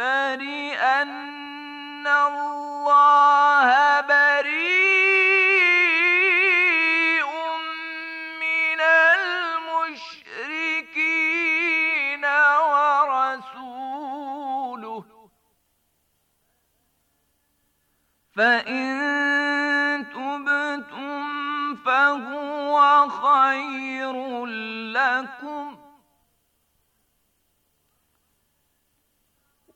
أن الله بريء من المشركين ورسوله فإن تبتم فهو خير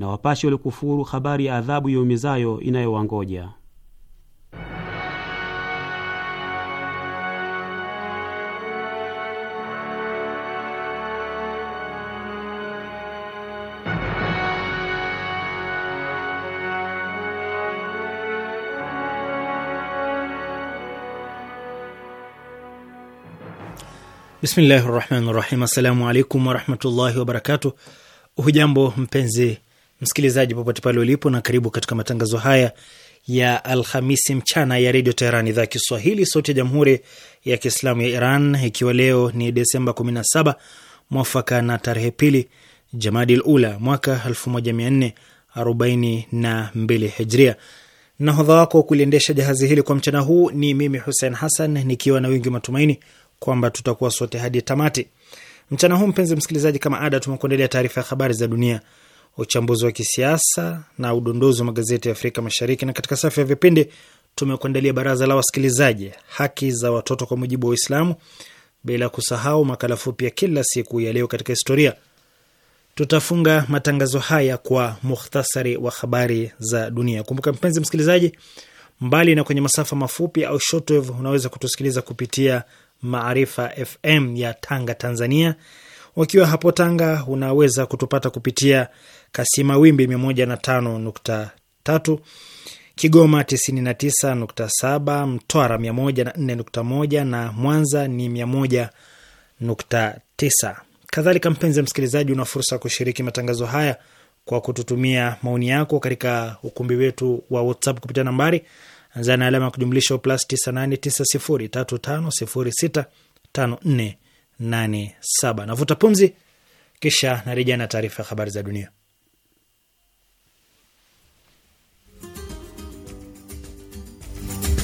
na wapashe waliokufuru habari ya adhabu yaumizayo inayowangoja. Bismillahi rahmani rahim. Assalamu alaikum warahmatullahi wabarakatuh. Hujambo mpenzi Msikilizaji popote pale ulipo, na karibu katika matangazo haya ya Alhamisi mchana ya redio Teheran, idhaa Kiswahili, sauti ya jamhuri ya kiislamu ya Iran, ikiwa leo ni Desemba 17 mwafaka na tarehe pili Jamadil Ula mwaka 1442 Hijria. Nahodha wako wa kuliendesha jahazi hili kwa mchana huu ni mimi Hussein Hassan, nikiwa na wingi matumaini kwamba tutakuwa sote hadi tamati mchana huu. Mpenzi msikilizaji, kama ada, tumekuandalia taarifa ya habari za dunia uchambuzi wa kisiasa na udondozi wa magazeti ya Afrika Mashariki, na katika safu ya vipindi tumekuandalia baraza la wasikilizaji, haki za watoto kwa mujibu wa Uislamu, bila kusahau makala fupi ya kila siku ya leo katika historia. Tutafunga matangazo haya kwa mukhtasari wa habari za dunia. Kumbuka mpenzi msikilizaji, mbali na kwenye masafa mafupi au shortwave, unaweza kutusikiliza kupitia Maarifa FM ya Tanga, Tanzania. Wakiwa hapo Tanga, unaweza kutupata kupitia Kasima wimbi 105.3, Kigoma 99.7, Mtwara 104.1 na Mwanza ni 100.9. Kadhalika, mpenzi msikilizaji, una fursa ya kushiriki matangazo haya kwa kututumia maoni yako katika ukumbi wetu wa WhatsApp kupitia nambari anza na alama ya kujumlisha plus 989035065487. Navuta pumzi, kisha narejea na taarifa ya habari za dunia.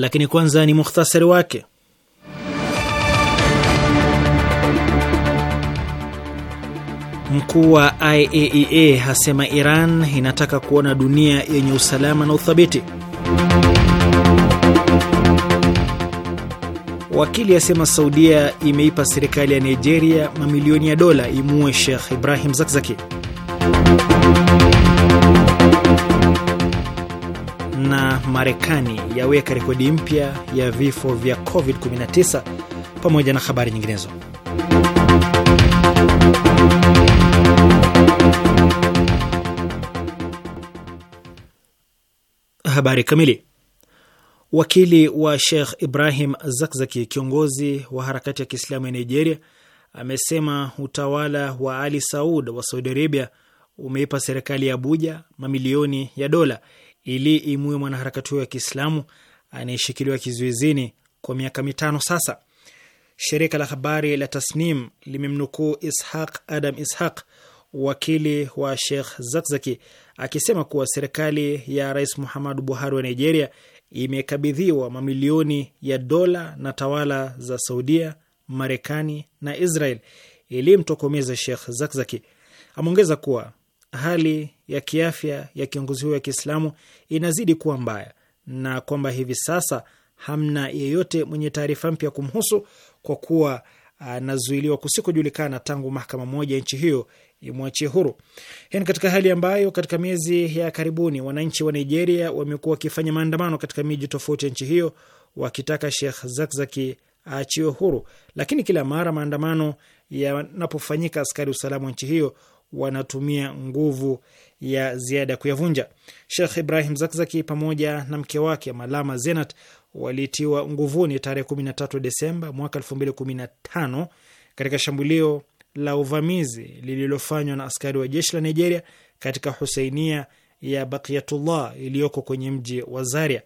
lakini kwanza ni mukhtasari wake. Mkuu wa IAEA e hasema Iran inataka kuona dunia yenye usalama na uthabiti. Wakili asema Saudia imeipa serikali ya Nigeria mamilioni ya dola imuue Sheikh Ibrahim Zakzaki. na Marekani yaweka rekodi mpya ya vifo vya COVID-19 pamoja na habari nyinginezo. Habari kamili. Wakili wa Sheikh Ibrahim Zakzaki, kiongozi wa harakati ya Kiislamu ya Nigeria, amesema utawala wa Ali Saud wa Saudi Arabia umeipa serikali ya Abuja mamilioni ya dola ili imue mwanaharakati huyo wa Kiislamu anayeshikiliwa kizuizini kwa miaka mitano sasa. Shirika la habari la Tasnim limemnukuu Ishaq Adam Ishaq, wakili wa Sheikh Zakzaki, akisema kuwa serikali ya Rais Muhammadu Buhari wa Nigeria imekabidhiwa mamilioni ya dola na tawala za Saudia, Marekani na Israel ili mtokomeza Sheikh Zakzaki. Ameongeza kuwa hali ya kiafya ya kiongozi huyo wa Kiislamu inazidi kuwa mbaya na kwamba hivi sasa hamna yeyote mwenye taarifa mpya kumhusu kwa kuwa ah, anazuiliwa kusikojulikana tangu mahakama moja nchi hiyo imwachie huru. Hii ni katika hali ambayo katika miezi ya karibuni wananchi wa Nigeria wamekuwa wakifanya maandamano katika miji tofauti ya nchi hiyo wakitaka Sheikh Zakzaki aachiwe huru, lakini kila mara maandamano yanapofanyika, askari usalama wa nchi hiyo wanatumia nguvu ya ziada kuyavunja. Shekh Ibrahim Zakzaki pamoja na mke wake Malama Zenat walitiwa nguvuni tarehe 13 Desemba mwaka 2015 katika shambulio la uvamizi lililofanywa na askari wa jeshi la Nigeria katika husainia ya Bakiyatullah iliyoko kwenye mji wa Zaria.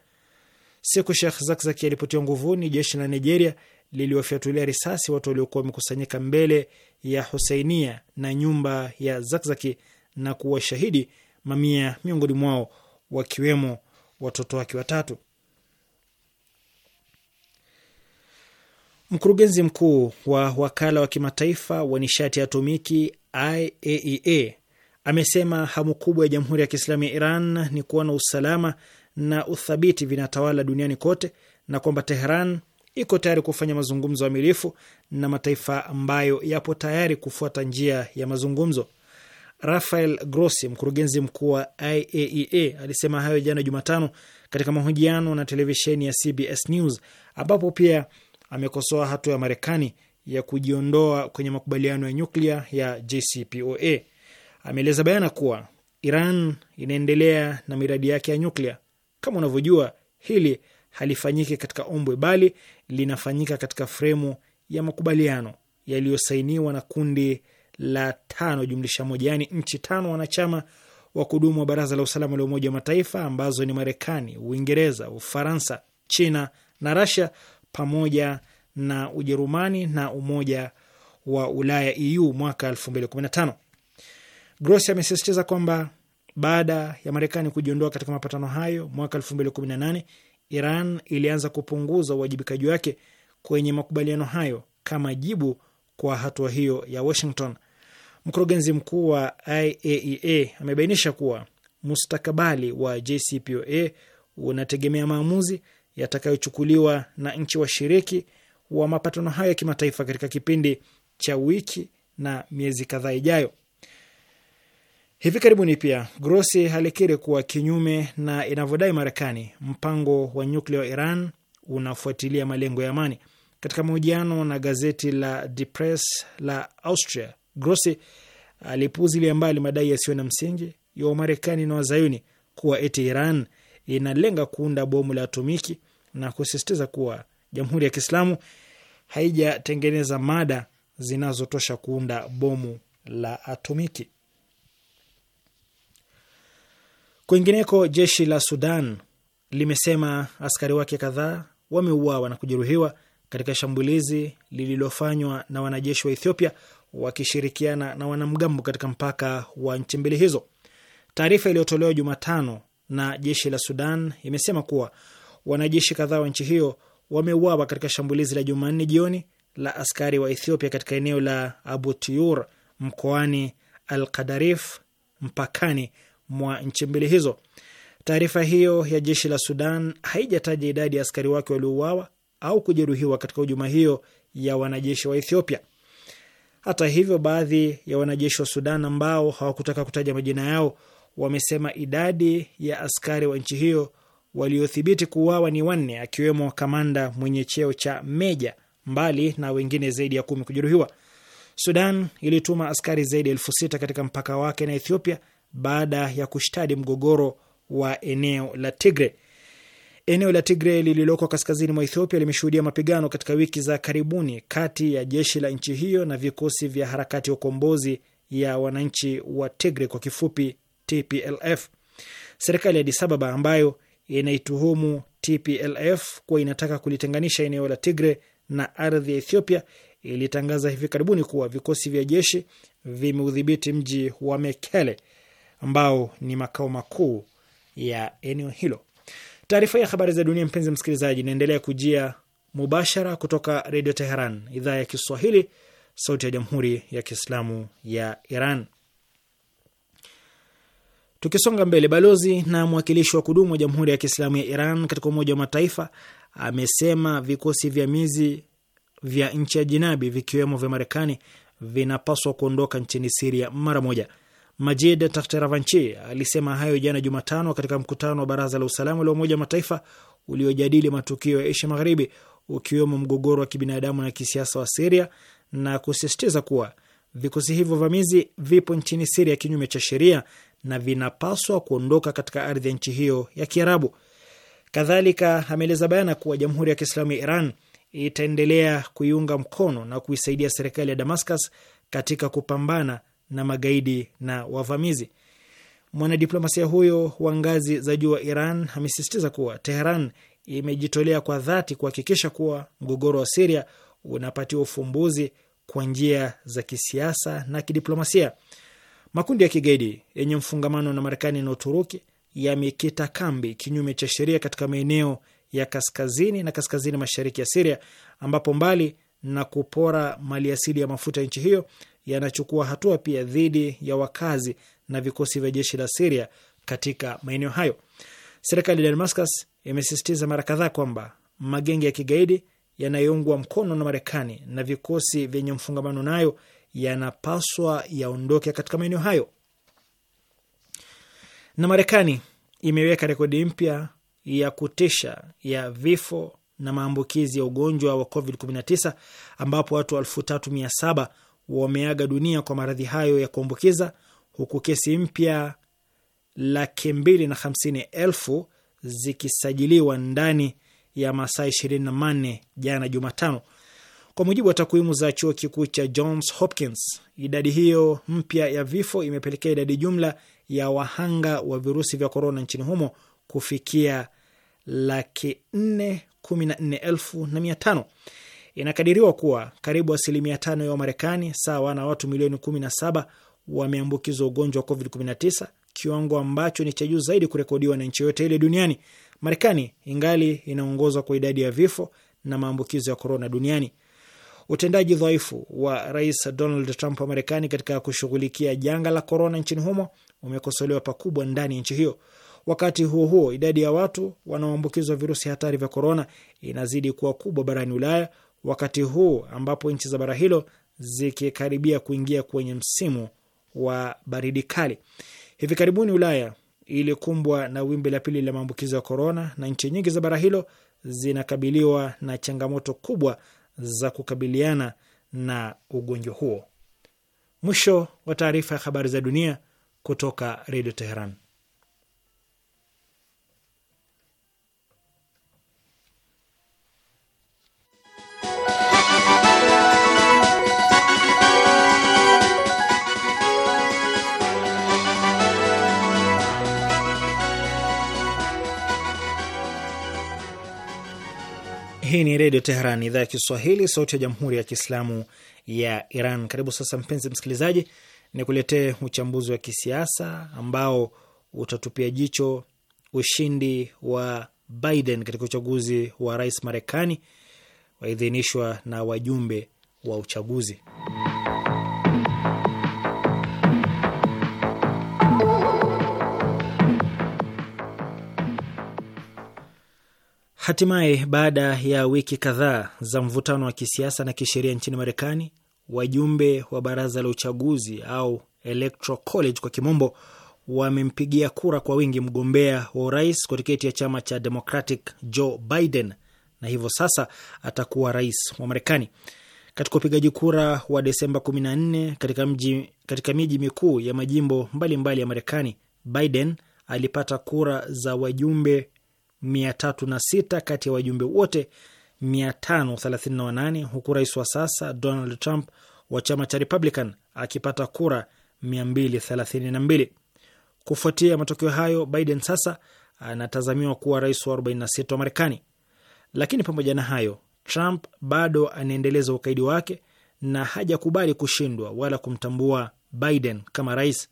Siku Shekh Zakzaki alipotiwa nguvuni, jeshi la Nigeria liliwafyatulia risasi watu waliokuwa wamekusanyika mbele ya Husainia na nyumba ya Zakzaki na kuwashahidi mamia miongoni mwao wakiwemo watoto wake watatu. Mkurugenzi mkuu wa wakala wa kimataifa wa nishati ya atomiki IAEA e amesema hamu kubwa ya Jamhuri ya Kiislamu ya Iran ni kuona usalama na uthabiti vinatawala duniani kote na kwamba Teheran iko tayari kufanya mazungumzo amilifu na mataifa ambayo yapo tayari kufuata njia ya mazungumzo. Rafael Grossi, mkurugenzi mkuu wa IAEA, e alisema hayo jana Jumatano katika mahojiano na televisheni ya CBS News, ambapo pia amekosoa hatua ya Marekani ya kujiondoa kwenye makubaliano ya nyuklia ya JCPOA. Ameeleza bayana kuwa Iran inaendelea na miradi yake ya nyuklia. Kama unavyojua hili halifanyiki katika ombwe, bali linafanyika katika fremu ya makubaliano yaliyosainiwa na kundi la tano jumlisha moja, yaani nchi tano wanachama wa kudumu wa Baraza la Usalama la Umoja wa Mataifa ambazo ni Marekani, Uingereza, Ufaransa, China na Rasia pamoja na Ujerumani na Umoja wa Ulaya EU mwaka 2015. Grossi amesisitiza kwamba baada ya Marekani kujiondoa katika mapatano hayo mwaka 2018 Iran ilianza kupunguza uwajibikaji wake kwenye makubaliano hayo kama jibu kwa hatua hiyo ya Washington. Mkurugenzi mkuu wa IAEA e amebainisha kuwa mustakabali wa JCPOA unategemea maamuzi yatakayochukuliwa na nchi washiriki wa mapatano hayo ya kimataifa katika kipindi cha wiki na miezi kadhaa ijayo. Hivi karibuni pia Grossi alikiri kuwa kinyume na inavyodai Marekani, mpango wa nyuklia wa Iran unafuatilia malengo ya amani. Katika mahojiano na gazeti la Die la Austria, Grossi alipuzilia mbali madai yasiyo na msingi ya Wamarekani na Wazayuni kuwa eti Iran inalenga kuunda bomu la atomiki na kusisitiza kuwa Jamhuri ya Kiislamu haijatengeneza mada zinazotosha kuunda bomu la atomiki. Kwingineko, jeshi la Sudan limesema askari wake kadhaa wameuawa na kujeruhiwa katika shambulizi lililofanywa na wanajeshi wa Ethiopia wakishirikiana na wanamgambo katika mpaka wa nchi mbili hizo. Taarifa iliyotolewa Jumatano na jeshi la Sudan imesema kuwa wanajeshi kadhaa wa nchi hiyo wameuawa katika shambulizi la Jumanne jioni la askari wa Ethiopia katika eneo la Abu mkoani Al Qadarif mpakani mwa nchi mbili hizo. Taarifa hiyo ya jeshi la Sudan haijataja idadi ya askari wake waliouawa au kujeruhiwa katika hujuma hiyo ya wanajeshi wa Ethiopia. Hata hivyo, baadhi ya wanajeshi wa Sudan ambao hawakutaka kutaja majina yao wamesema idadi ya askari wa nchi hiyo waliothibiti kuuawa ni wanne, akiwemo kamanda mwenye cheo cha meja, mbali na wengine zaidi ya kumi kujeruhiwa. Sudan ilituma askari zaidi ya elfu sita katika mpaka wake na Ethiopia baada ya kushtadi mgogoro wa eneo la Tigre. Eneo la Tigre lililoko kaskazini mwa Ethiopia limeshuhudia mapigano katika wiki za karibuni kati ya jeshi la nchi hiyo na vikosi vya harakati ya ukombozi ya wananchi wa Tigre, kwa kifupi TPLF. Serikali ya Addis Ababa ambayo inaituhumu TPLF kuwa inataka kulitenganisha eneo la Tigre na ardhi ya Ethiopia ilitangaza hivi karibuni kuwa vikosi vya jeshi vimeudhibiti mji wa Mekele ambao ni makao makuu ya eneo hilo. Taarifa ya habari za dunia, mpenzi msikilizaji, inaendelea kujia mubashara kutoka Redio Teheran, idhaa ya Kiswahili, sauti ya Jamhuri ya Kiislamu ya Iran. Tukisonga mbele, balozi na mwakilishi wa kudumu wa Jamhuri ya Kiislamu ya Iran katika Umoja wa Mataifa amesema vikosi vya mizi vya nchi ya jinabi vikiwemo vya Marekani vinapaswa kuondoka nchini Siria mara moja. Majid Tahteravanchi alisema hayo jana Jumatano katika mkutano wa baraza la usalama la Umoja wa Mataifa uliojadili matukio ya Asia Magharibi, ukiwemo mgogoro wa kibinadamu na kisiasa wa Siria na kusisitiza kuwa vikosi hivyo vamizi vipo nchini Siria kinyume cha sheria na vinapaswa kuondoka katika ardhi ya nchi hiyo ya Kiarabu. Kadhalika ameeleza bayana kuwa Jamhuri ya Kiislamu ya Iran itaendelea kuiunga mkono na kuisaidia serikali ya Damascus katika kupambana na magaidi na wavamizi. Mwanadiplomasia huyo wa ngazi za juu wa Iran amesisitiza kuwa Teheran imejitolea kwa dhati kuhakikisha kuwa mgogoro wa Siria unapatiwa ufumbuzi kwa njia za kisiasa na kidiplomasia. Makundi ya kigaidi yenye mfungamano na Marekani na Uturuki yamekita kambi kinyume cha sheria katika maeneo ya kaskazini na kaskazini mashariki ya Siria, ambapo mbali na kupora maliasili ya mafuta ya nchi hiyo yanachukua hatua pia dhidi ya wakazi na vikosi vya jeshi la Siria katika maeneo hayo. Serikali ya Damascus imesisitiza mara kadhaa kwamba magenge ya kigaidi yanayoungwa mkono na Marekani na vikosi vyenye mfungamano nayo yanapaswa yaondoke katika maeneo hayo. Na Marekani imeweka rekodi mpya ya kutisha ya vifo na maambukizi ya ugonjwa wa COVID-19 ambapo watu elfu tatu mia saba wameaga dunia kwa maradhi hayo ya kuambukiza huku kesi mpya laki mbili na hamsini elfu zikisajiliwa ndani ya masaa ishirini na manne jana Jumatano, kwa mujibu wa takwimu za chuo kikuu cha Johns Hopkins. Idadi hiyo mpya ya vifo imepelekea idadi jumla ya wahanga wa virusi vya korona nchini humo kufikia laki nne kumi na nne elfu na mia tano. Inakadiriwa kuwa karibu asilimia tano ya Wamarekani sawa na watu milioni 17 wameambukizwa ugonjwa wa COVID-19, kiwango ambacho ni cha juu zaidi kurekodiwa na nchi yoyote ile duniani. Marekani ingali inaongozwa kwa idadi ya vifo na maambukizo ya korona duniani. Utendaji dhaifu wa Rais Donald Trump wa Marekani katika kushughulikia janga la korona nchini humo umekosolewa pakubwa ndani ya nchi hiyo. Wakati huo huo, idadi ya watu wanaoambukizwa virusi hatari vya korona inazidi kuwa kubwa barani Ulaya, wakati huu ambapo nchi za bara hilo zikikaribia kuingia kwenye msimu wa baridi kali. Hivi karibuni Ulaya ilikumbwa na wimbi la pili la maambukizo ya korona, na nchi nyingi za bara hilo zinakabiliwa na changamoto kubwa za kukabiliana na ugonjwa huo. Mwisho wa taarifa ya habari za dunia kutoka Redio Teheran. Hii ni Redio Teheran, idhaa ya Kiswahili, sauti ya Jamhuri ya Kiislamu ya Iran. Karibu sasa, mpenzi msikilizaji, ni kuletee uchambuzi wa kisiasa ambao utatupia jicho ushindi wa Biden katika uchaguzi wa rais Marekani waidhinishwa na wajumbe wa uchaguzi Hatimaye, baada ya wiki kadhaa za mvutano wa kisiasa na kisheria nchini Marekani, wajumbe wa baraza la uchaguzi au Electoral College kwa kimombo wamempigia kura kwa wingi mgombea wa urais kwa tiketi ya chama cha Democratic Joe Biden, na hivyo sasa atakuwa rais wa Marekani. Katika upigaji kura wa Desemba 14 katika mji, katika miji mikuu ya majimbo mbalimbali mbali ya Marekani, Biden alipata kura za wajumbe 306 kati ya wajumbe wote 538 huku rais wa sasa Donald Trump wa chama cha Republican akipata kura 232. Kufuatia matokeo hayo, Biden sasa anatazamiwa kuwa rais wa 46 wa Marekani. Lakini pamoja na hayo, Trump bado anaendeleza ukaidi wake na hajakubali kushindwa wala kumtambua Biden kama rais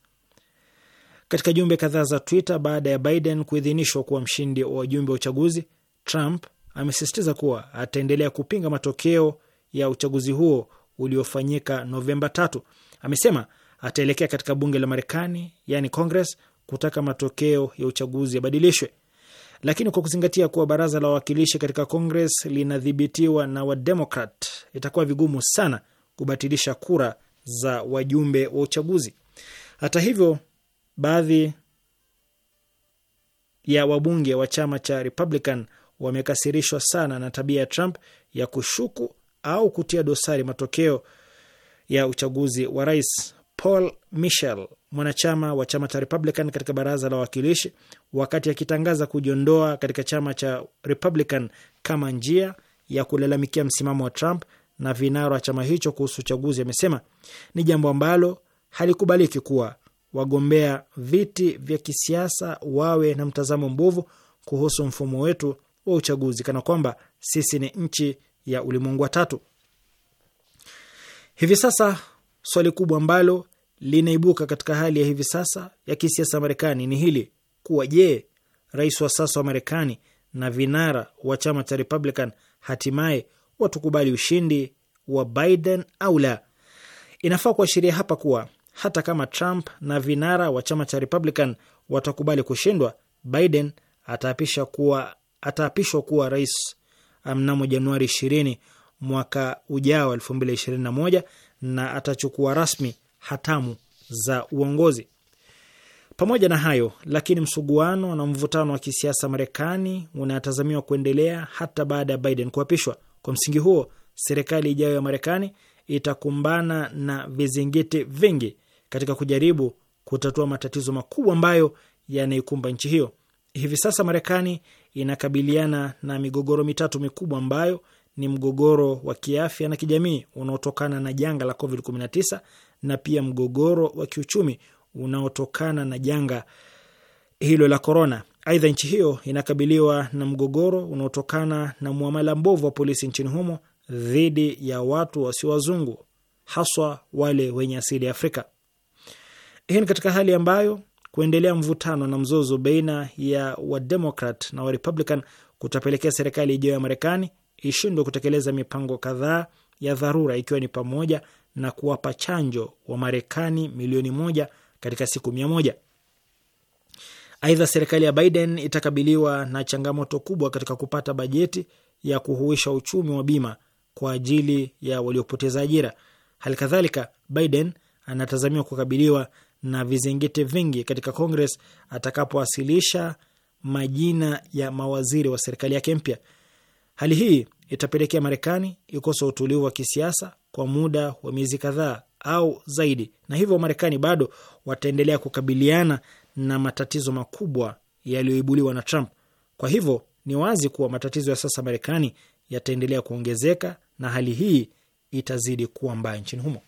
katika jumbe kadhaa za Twitter baada ya Biden kuidhinishwa kuwa mshindi wa wajumbe wa uchaguzi, Trump amesisitiza kuwa ataendelea kupinga matokeo ya uchaguzi huo uliofanyika Novemba tatu. Amesema ataelekea katika bunge la Marekani, yani Congress, kutaka matokeo ya uchaguzi yabadilishwe, lakini kwa kuzingatia kuwa baraza la wawakilishi katika Congress linadhibitiwa na Wademokrat, itakuwa vigumu sana kubatilisha kura za wajumbe wa uchaguzi. Hata hivyo baadhi ya wabunge wa chama cha Republican wamekasirishwa sana na tabia ya Trump ya kushuku au kutia dosari matokeo ya uchaguzi wa rais. Paul Michel, mwanachama wa chama cha Republican katika baraza la wawakilishi, wakati akitangaza kujiondoa katika chama cha Republican kama njia ya kulalamikia msimamo wa Trump na vinara wa chama hicho kuhusu uchaguzi, amesema ni jambo ambalo halikubaliki kuwa wagombea viti vya kisiasa wawe na mtazamo mbovu kuhusu mfumo wetu wa uchaguzi, kana kwamba sisi ni nchi ya ulimwengu wa tatu. Hivi sasa swali kubwa ambalo linaibuka katika hali ya hivi sasa ya kisiasa Marekani ni hili kuwa, je, rais wa sasa wa Marekani na vinara wa chama cha Republican hatimaye watukubali ushindi wa Biden au la? Inafaa kuashiria hapa kuwa hata kama Trump na vinara wa chama cha Republican watakubali kushindwa, Biden ataapishwa kuwa, ataapishwa kuwa rais um, mnamo Januari 20 mwaka ujao 2021 na atachukua rasmi hatamu za uongozi. Pamoja na hayo lakini, msuguano na mvutano wa kisiasa Marekani unatazamiwa kuendelea hata baada ya Biden kuapishwa. Kwa msingi huo, serikali ijayo ya Marekani itakumbana na vizingiti vingi katika kujaribu kutatua matatizo makubwa ambayo yanaikumba nchi hiyo. Hivi sasa Marekani inakabiliana na migogoro mitatu mikubwa ambayo ni mgogoro wa kiafya na kijamii unaotokana na janga la COVID-19 na pia mgogoro wa kiuchumi unaotokana na janga hilo la korona. Aidha, nchi hiyo inakabiliwa na mgogoro unaotokana na mwamala mbovu wa polisi nchini humo dhidi ya watu wasio wazungu, haswa wale wenye asili ya Afrika. Hii ni katika hali ambayo kuendelea mvutano na mzozo baina ya Wademokrat na Warepublican kutapelekea serikali ijayo ya Marekani ishindwe kutekeleza mipango kadhaa ya dharura ikiwa ni pamoja na kuwapa chanjo wa Marekani milioni moja katika siku mia moja. Aidha, serikali ya Biden itakabiliwa na changamoto kubwa katika kupata bajeti ya kuhuisha uchumi wa bima kwa ajili ya waliopoteza ajira. Hali kadhalika, Biden anatazamiwa kukabiliwa na vizingiti vingi katika kongres atakapowasilisha majina ya mawaziri wa serikali yake mpya. Hali hii itapelekea Marekani ikosa utulivu wa kisiasa kwa muda wa miezi kadhaa au zaidi, na hivyo Marekani bado wataendelea kukabiliana na matatizo makubwa yaliyoibuliwa na Trump. Kwa hivyo ni wazi kuwa matatizo ya sasa Marekani yataendelea kuongezeka na hali hii itazidi kuwa mbaya nchini humo.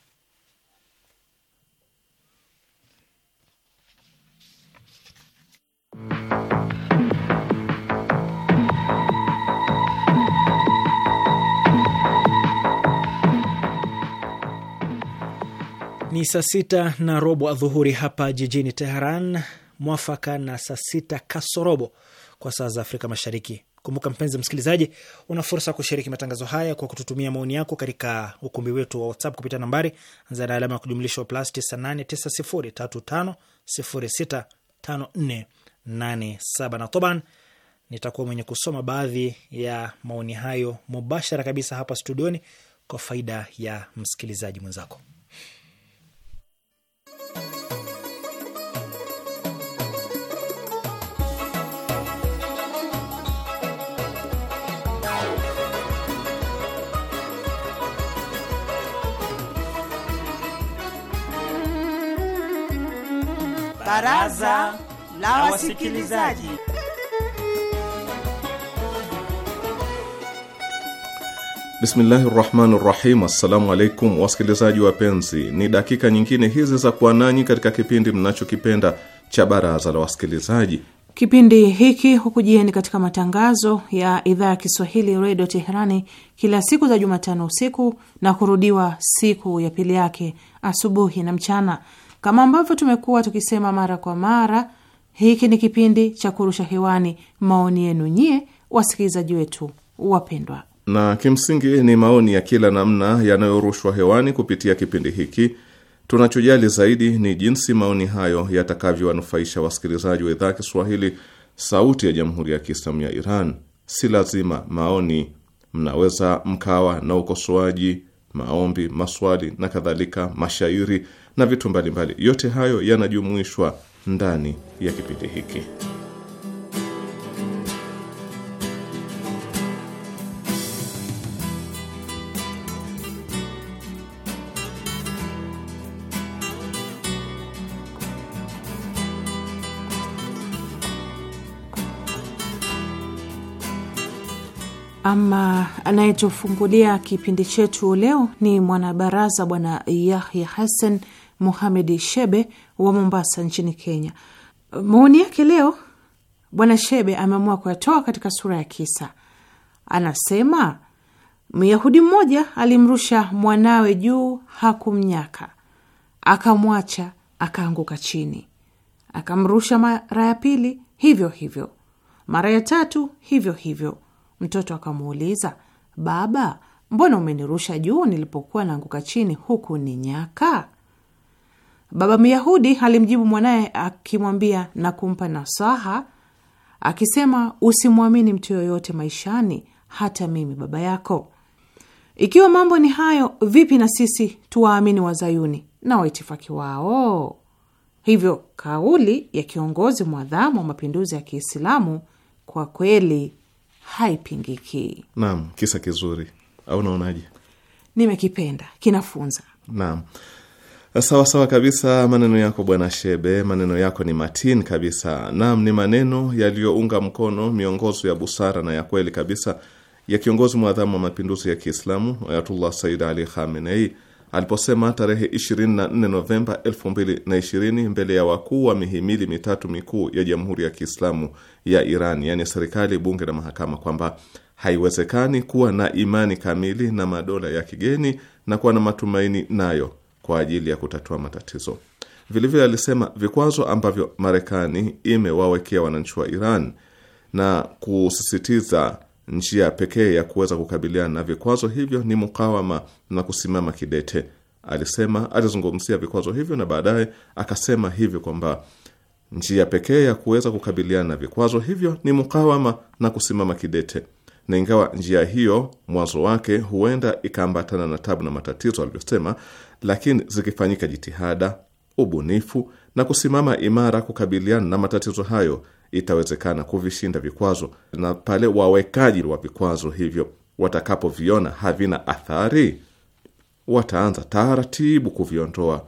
Ni saa sita na robo adhuhuri hapa jijini Teheran, mwafaka na saa sita kasorobo kwa saa za Afrika Mashariki. Kumbuka mpenzi msikilizaji, una fursa ya kushiriki matangazo haya kwa kututumia maoni yako katika ukumbi wetu wa WhatsApp kupitia nambari za na alama ya kujumlisha plus 989035065487 na toban. Nitakuwa mwenye kusoma baadhi ya maoni hayo mubashara kabisa hapa studioni kwa faida ya msikilizaji mwenzako. Baraza la Wasikilizaji. Bismillahi rahmani rahim. Assalamu alaikum wasikilizaji wapenzi, ni dakika nyingine hizi za kuwa nanyi katika kipindi mnachokipenda cha baraza la wasikilizaji. Kipindi hiki hukujieni katika matangazo ya idhaa ya Kiswahili redio Teherani kila siku za Jumatano usiku na kurudiwa siku ya pili yake asubuhi na mchana. Kama ambavyo tumekuwa tukisema mara kwa mara, hiki ni kipindi cha kurusha hewani maoni yenu nyie wasikilizaji wetu wapendwa, na kimsingi ni maoni ya kila namna yanayorushwa hewani kupitia kipindi hiki. Tunachojali zaidi ni jinsi maoni hayo yatakavyowanufaisha wasikilizaji wa idhaa ya Kiswahili, Sauti ya Jamhuri ya Kiislamu ya Iran. Si lazima maoni, mnaweza mkawa na ukosoaji, maombi, maswali na kadhalika, mashairi na vitu mbalimbali. Yote hayo yanajumuishwa ndani ya kipindi hiki. Ama anayetufungulia kipindi chetu leo ni mwanabaraza Bwana Yahya Hassan Mohamed Shebe wa Mombasa nchini Kenya. Maoni yake leo, Bwana Shebe ameamua kuyatoa katika sura ya kisa. Anasema Myahudi mmoja alimrusha mwanawe juu, hakumnyaka, akamwacha akaanguka chini, akamrusha mara ya pili hivyo hivyo, mara ya tatu hivyo hivyo. Mtoto akamuuliza, baba, mbona umenirusha juu nilipokuwa naanguka chini huku ni nyaka? Baba Myahudi alimjibu mwanaye akimwambia na kumpa nasaha akisema, usimwamini mtu yoyote maishani, hata mimi baba yako. Ikiwa mambo ni hayo, vipi na sisi tuwaamini wazayuni na waitifaki wao? Hivyo kauli ya kiongozi mwadhamu wa mapinduzi ya Kiislamu kwa kweli haipingiki. Naam, kisa kizuri au naonaje? Nimekipenda, kinafunza. Naam. Sawa sawa kabisa, maneno yako bwana Shebe, maneno yako ni matin kabisa. Naam, ni maneno yaliyounga mkono miongozo ya busara na ya kweli kabisa ya kiongozi mwadhamu wa mapinduzi ya Kiislamu Ayatullah Sayyid Ali Khamenei aliposema tarehe 24 Novemba 2020 mbele ya wakuu wa mihimili mitatu mikuu ya Jamhuri ya Kiislamu ya Iran, yaani serikali, bunge na mahakama, kwamba haiwezekani kuwa na imani kamili na madola ya kigeni na kuwa na matumaini nayo kwa ajili ya kutatua matatizo. Vilevile alisema vikwazo ambavyo Marekani imewawekea wananchi wa Iran na kusisitiza njia pekee ya kuweza kukabiliana na vikwazo hivyo ni mukawama na kusimama kidete. Alisema alizungumzia vikwazo hivyo na baadaye akasema hivi kwamba njia pekee ya kuweza kukabiliana na vikwazo hivyo ni mukawama na kusimama kidete, na ingawa njia hiyo mwanzo wake huenda ikaambatana na tabu na matatizo, alivyosema, lakini zikifanyika jitihada, ubunifu na kusimama imara kukabiliana na matatizo hayo, itawezekana kuvishinda vikwazo, na pale wawekaji wa vikwazo hivyo watakapoviona havina athari, wataanza taratibu kuviondoa.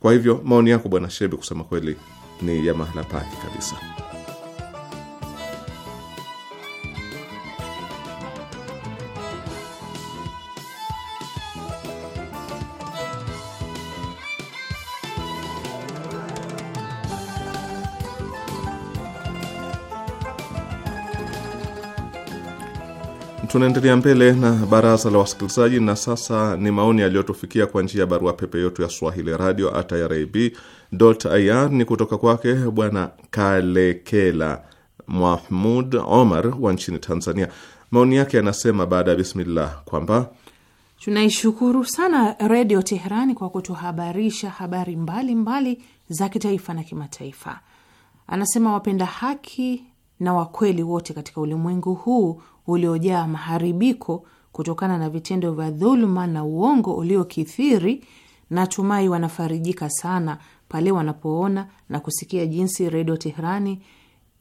Kwa hivyo maoni yako Bwana Shebe, kusema kweli, ni ya mahala pake kabisa. Tunaendelea mbele na baraza la wasikilizaji, na sasa ni maoni yaliyotufikia kwa njia ya barua pepe yetu ya swahili radio at irib.ir. Ni kutoka kwake bwana Kalekela Mahmud Omar wa nchini Tanzania. Maoni yake yanasema baada ya bismillah kwamba tunaishukuru sana Redio Teherani kwa kutuhabarisha habari mbalimbali mbali za kitaifa na kimataifa. Anasema wapenda haki na wakweli wote katika ulimwengu huu uliojaa maharibiko kutokana na vitendo vya dhuluma na uongo uliokithiri, natumai wanafarijika sana pale wanapoona na kusikia jinsi Redio Teherani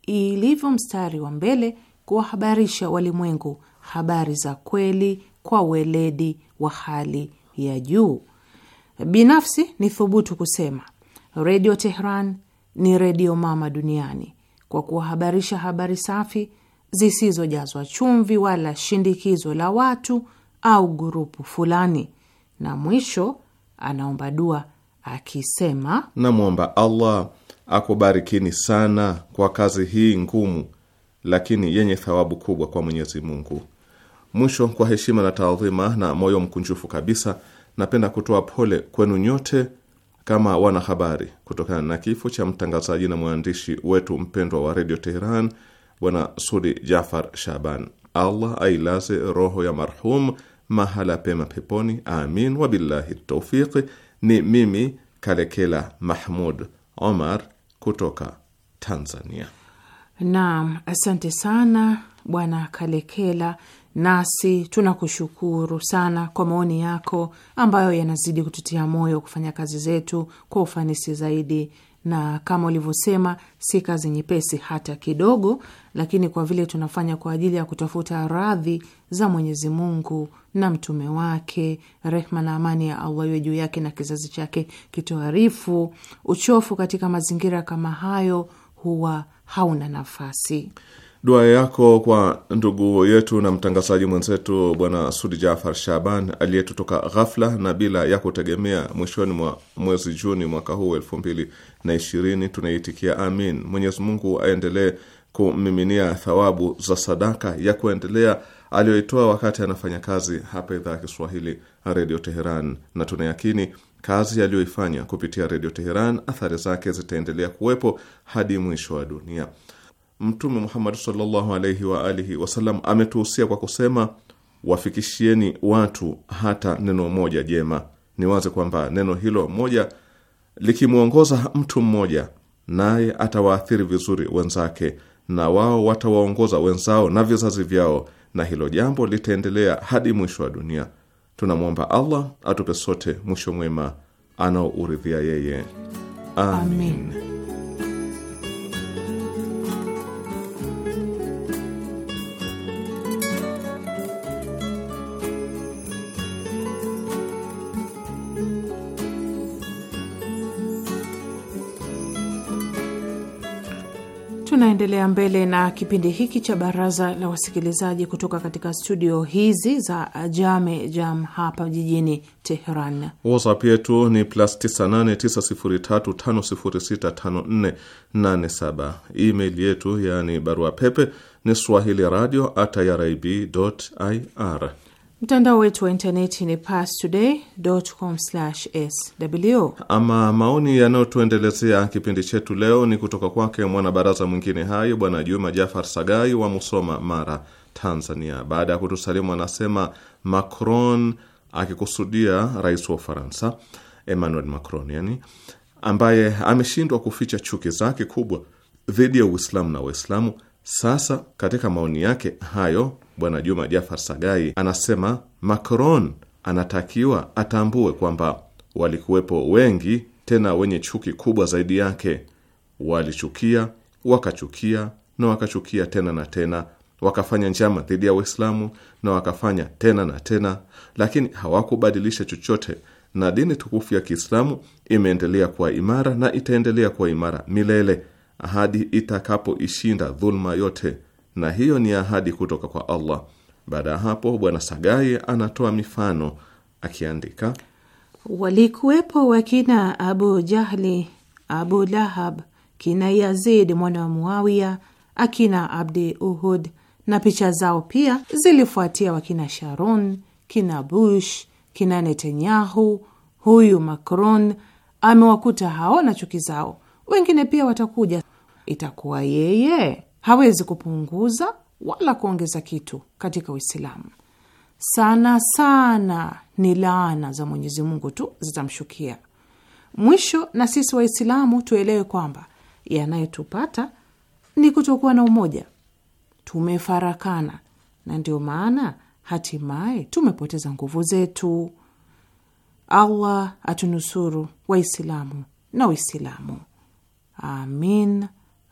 ilivyo mstari wa mbele kuwahabarisha walimwengu habari za kweli kwa weledi wa hali ya juu. Binafsi ni thubutu kusema Redio Tehran ni redio mama duniani kwa kuwahabarisha habari safi zisizojazwa chumvi wala shindikizo la watu au gurupu fulani. Na mwisho anaomba dua akisema, namwomba Allah akubarikini sana kwa kazi hii ngumu, lakini yenye thawabu kubwa kwa Mwenyezi Mungu. Mwisho, kwa heshima na taadhima na moyo mkunjufu kabisa, napenda kutoa pole kwenu nyote kama wanahabari kutokana na kifo cha mtangazaji na mwandishi wetu mpendwa wa redio Teheran Bwana Sudi Jafar Shaban. Allah ailaze roho ya marhum mahala pema peponi, amin. Wabillahi taufiqi. Ni mimi Kalekela Mahmud Omar kutoka Tanzania. Naam, asante sana Bwana Kalekela Nasi tunakushukuru sana kwa maoni yako ambayo yanazidi kututia moyo kufanya kazi zetu kwa ufanisi zaidi, na kama ulivyosema, si kazi nyepesi hata kidogo, lakini kwa vile tunafanya kwa ajili ya kutafuta radhi za Mwenyezi Mungu na mtume wake, rehma na amani ya Allah iwe juu yake na kizazi chake kitoarifu, uchofu katika mazingira kama hayo huwa hauna nafasi. Dua yako kwa ndugu yetu na mtangazaji mwenzetu Bwana Sudi Jafar Shaban aliyetutoka ghafla na bila ya kutegemea mwishoni mwa mwezi Juni mwaka huu elfu mbili na ishirini tunaitikia amin. Mwenyezi Mungu aendelee kumiminia thawabu za sadaka ya kuendelea aliyoitoa wakati anafanya kazi hapa idhaa ya Kiswahili Redio Teheran, na tunayakini kazi aliyoifanya kupitia Redio Teheran athari zake zitaendelea kuwepo hadi mwisho wa dunia. Mtume Muhammad sallallahu alaihi wa alihi wasallam ametuhusia kwa kusema, wafikishieni watu hata neno moja jema. Ni wazi kwamba neno hilo moja likimwongoza mtu mmoja, naye atawaathiri vizuri wenzake, na wao watawaongoza wenzao na vizazi vyao, na hilo jambo litaendelea hadi mwisho wa dunia. Tunamwomba Allah atupe sote mwisho mwema anaouridhia yeye. Amin, Amin. tunaendelea mbele na kipindi hiki cha baraza la wasikilizaji kutoka katika studio hizi za Jame Jam hapa jijini Teheran. WhatsApp yetu ni plus 989035065487. Email yetu yaani barua pepe ni swahili radio at irib ir Mtandao wetu wa intaneti ni sw Ama maoni yanayotuendelezea kipindi chetu leo ni kutoka kwake mwanabaraza mwingine hayo Bwana Juma Jafar Sagai wa Musoma, Mara, Tanzania. Baada ya kutusalimu, anasema Macron akikusudia rais wa Ufaransa Emmanuel Macron yani, ambaye ameshindwa kuficha chuki zake kubwa dhidi ya Uislamu na Waislamu. Sasa katika maoni yake hayo Bwana Juma Jafar Sagai anasema Macron anatakiwa atambue kwamba walikuwepo wengi, tena wenye chuki kubwa zaidi yake. Walichukia, wakachukia na wakachukia tena na tena, wakafanya njama dhidi ya Waislamu na wakafanya tena na tena, lakini hawakubadilisha chochote, na dini tukufu ya Kiislamu imeendelea kuwa imara na itaendelea kuwa imara milele hadi itakapoishinda dhuluma yote na hiyo ni ahadi kutoka kwa Allah. Baada ya hapo, Bwana Sagai anatoa mifano akiandika, walikuwepo wakina Abu Jahli, Abu Lahab, kina Yazid mwana wa Muawiya, akina Abdi Uhud na picha zao pia zilifuatia wakina Sharon, kina Bush, kina Netanyahu, huyu Macron amewakuta hao na chuki zao. Wengine pia watakuja, itakuwa yeye hawezi kupunguza wala kuongeza kitu katika Uislamu. Sana sana ni laana za Mwenyezi Mungu tu zitamshukia. Mwisho, na sisi Waislamu tuelewe kwamba yanayotupata ni kutokuwa na umoja. Tumefarakana na ndio maana hatimaye tumepoteza nguvu zetu. Allah atunusuru Waislamu na Uislamu. Amin,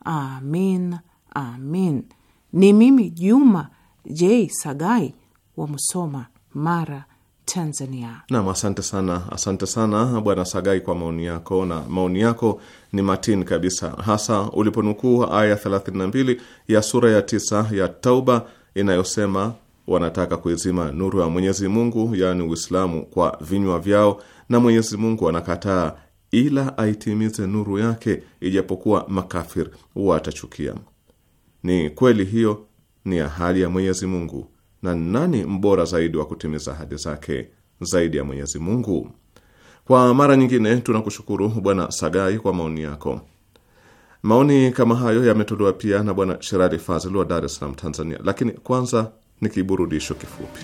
amin. Amin. Ni mimi Juma J Sagai wa Musoma, Mara, Tanzania. Nam, asante sana, asante sana Bwana Sagai kwa maoni yako, na maoni yako ni matin kabisa, hasa uliponukuu aya 32 ya sura ya tisa ya Tauba inayosema wanataka kuizima nuru ya Mwenyezi Mungu, yaani Uislamu, kwa vinywa vyao, na Mwenyezi Mungu anakataa ila aitimize nuru yake, ijapokuwa makafir watachukia. Ni kweli hiyo ni ahadi ya Mwenyezi Mungu, na nani mbora zaidi wa kutimiza ahadi zake zaidi ya Mwenyezi Mungu? Kwa mara nyingine tunakushukuru Bwana Sagai kwa maoni yako. Maoni kama hayo yametolewa pia na Bwana Sherali Fazil wa Dar es Salaam, Tanzania, lakini kwanza ni kiburudisho kifupi.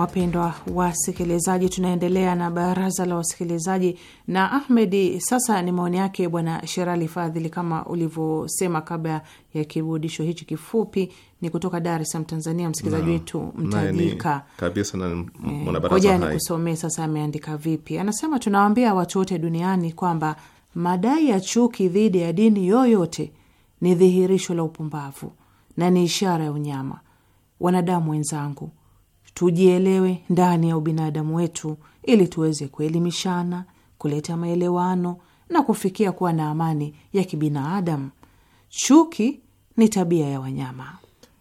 wapendwa wasikilizaji, tunaendelea na baraza la wasikilizaji na Ahmedi. Sasa ni maoni yake Bwana Sherali Fadhili, kama ulivyosema kabla ya kiburudisho hichi kifupi, ni kutoka Dar es Salaam, Tanzania, msikilizaji wetu mtajika kabisa na eh, mwanabaraza. sasa, ameandika vipi? Anasema, tunawaambia watu wote duniani kwamba madai ya chuki dhidi ya dini yoyote ni dhihirisho la upumbavu na ni ishara ya unyama. Wanadamu wenzangu tujielewe ndani ya ubinadamu wetu ili tuweze kuelimishana, kuleta maelewano na kufikia kuwa na amani ya kibinadamu. Chuki ni tabia ya wanyama.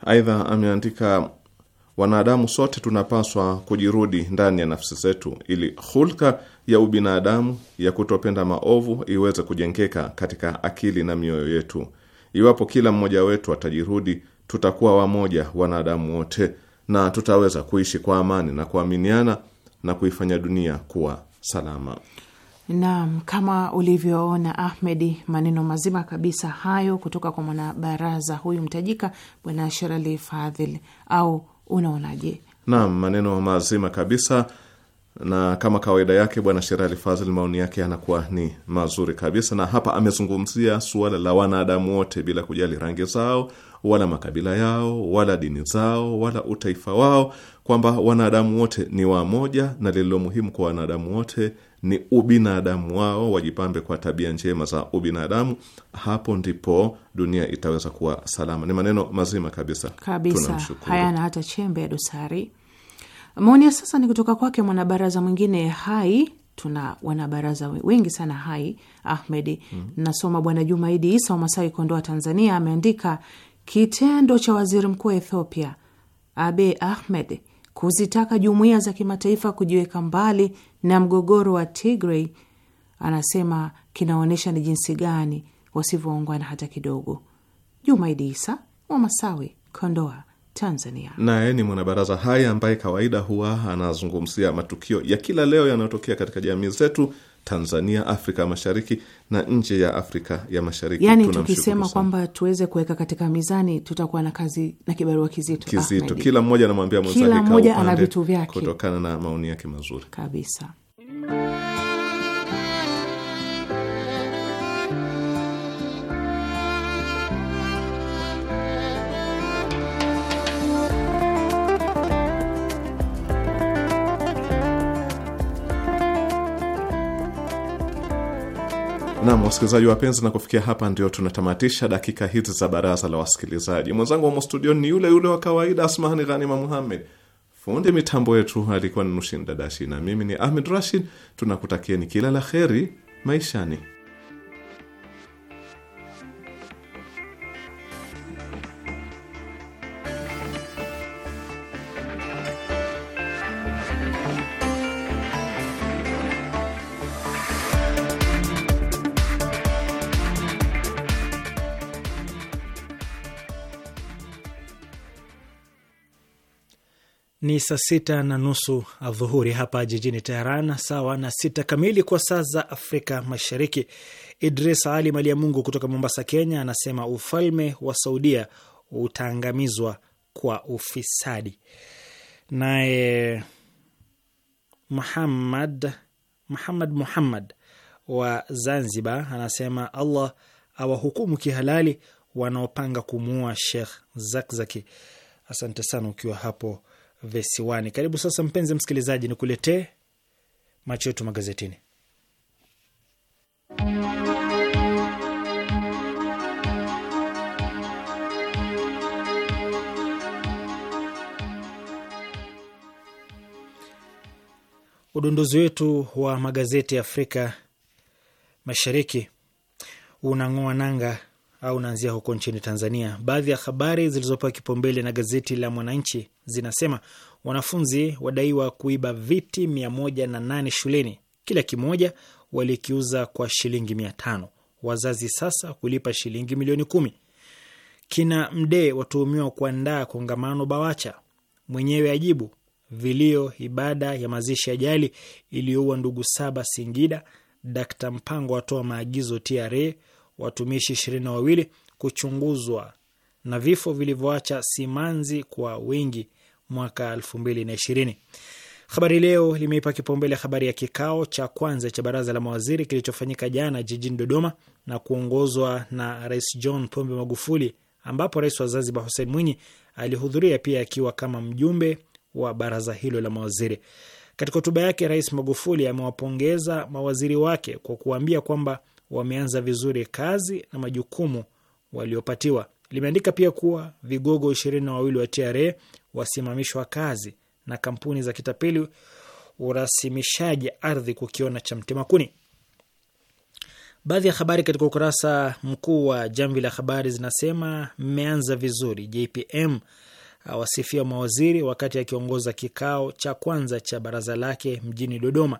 Aidha ameandika wanadamu sote tunapaswa kujirudi ndani ya nafsi zetu ili hulka ya ubinadamu ya kutopenda maovu iweze kujengeka katika akili na mioyo yetu. Iwapo kila mmoja wetu atajirudi, tutakuwa wamoja wanadamu wote na tutaweza kuishi kwa amani na kuaminiana na kuifanya dunia kuwa salama. Naam, kama ulivyoona Ahmedi, maneno mazima kabisa hayo kutoka kwa mwanabaraza huyu mtajika Bwana Sherali Fadhil, au unaonaje? Naam, maneno mazima kabisa, na kama kawaida yake Bwana Sherali Fadhil maoni yake yanakuwa ni mazuri kabisa, na hapa amezungumzia suala la wanadamu wote bila kujali rangi zao wala makabila yao wala dini zao wala utaifa wao, kwamba wanadamu wote ni wamoja na lililo muhimu kwa wanadamu wote ni ubinadamu wao, wajipambe kwa tabia njema za ubinadamu. Hapo ndipo dunia itaweza kuwa salama. Ni maneno mazima kabisa kabisa, tunamshukuru, hayana hata chembe ya dosari. Maoni ya sasa ni kutoka kwake mwanabaraza mwingine hai tuna wanabaraza wengi sana hai Ahmedi. mm -hmm. Nasoma Bwana Jumaidi Isa wa Masawi, Kondoa, Tanzania, ameandika Kitendo cha waziri mkuu wa Ethiopia Abe Ahmed kuzitaka jumuiya za kimataifa kujiweka mbali na mgogoro wa Tigray, anasema kinaonyesha ni jinsi gani wasivyoungwana hata kidogo. Jumaidi Isa wa Masawi, Kondoa, Tanzania. Naye ni mwanabaraza haya ambaye kawaida huwa anazungumzia matukio ya kila leo yanayotokea katika jamii zetu Tanzania, Afrika Mashariki na nje ya Afrika ya Mashariki. Yani tukisema kwamba tuweze kuweka katika mizani, tutakuwa na kazi na kibarua kizito kizito. Kila mmoja anamwambia mwenzake, kila mmoja ana vitu vyake, kutokana na maoni yake mazuri kabisa. Nam wasikilizaji wapenzi, na kufikia hapa ndio tunatamatisha dakika hizi za baraza la wasikilizaji. Mwenzangu wa studioni ni yule yule wa kawaida, Asmahani Ghanima Muhammed. Fundi mitambo yetu alikuwa ni Nushin Dadashi, na mimi ni Ahmed Rashid. Tunakutakieni kila la kheri maishani. saa sita na nusu adhuhuri hapa jijini Teheran, sawa na sita kamili kwa saa za Afrika Mashariki. Idris Ali Mungu kutoka Mombasa, Kenya, anasema ufalme wa Saudia utaangamizwa kwa ufisadi. Naye Muhammad Muhammad Muhammad wa Zanzibar anasema Allah awahukumu kihalali wanaopanga kumuua Shekh Zakzaki. Asante sana ukiwa hapo visiwani. Karibu sasa, mpenzi msikilizaji, ni kuletee macho yetu magazetini. Udondozi wetu wa magazeti ya Afrika Mashariki unang'oa nanga au naanzia huko nchini Tanzania. Baadhi ya habari zilizopewa kipaumbele na gazeti la Mwananchi zinasema wanafunzi wadaiwa kuiba viti mia moja na nane shuleni, kila kimoja walikiuza kwa shilingi mia tano. Wazazi sasa kulipa shilingi milioni kumi. Kina Mdee watuhumiwa kuandaa kongamano Bawacha, mwenyewe ajibu vilio ibada ya mazishi ajali iliyoua ndugu saba Singida. Dkt Mpango atoa maagizo TRA watumishi ishirini na wawili kuchunguzwa na vifo vilivyoacha simanzi kwa wingi mwaka elfu mbili na ishirini. Habari Leo limeipa kipaumbele habari ya kikao cha kwanza cha baraza la mawaziri kilichofanyika jana jijini Dodoma na kuongozwa na Rais John Pombe Magufuli, ambapo rais wa Zanzibar Hussein Mwinyi alihudhuria pia akiwa kama mjumbe wa baraza hilo la mawaziri. Katika hotuba yake, Rais Magufuli amewapongeza mawaziri wake kwa kuwaambia kwamba wameanza vizuri kazi na majukumu waliopatiwa. Limeandika pia kuwa vigogo ishirini na wawili wa TRA wasimamishwa kazi na kampuni za kitapeli urasimishaji ardhi kukiona cha mtema kuni. Baadhi ya habari katika ukurasa mkuu wa Jamvi la Habari zinasema mmeanza vizuri. JPM awasifia mawaziri wakati akiongoza kikao cha kwanza cha baraza lake mjini Dodoma.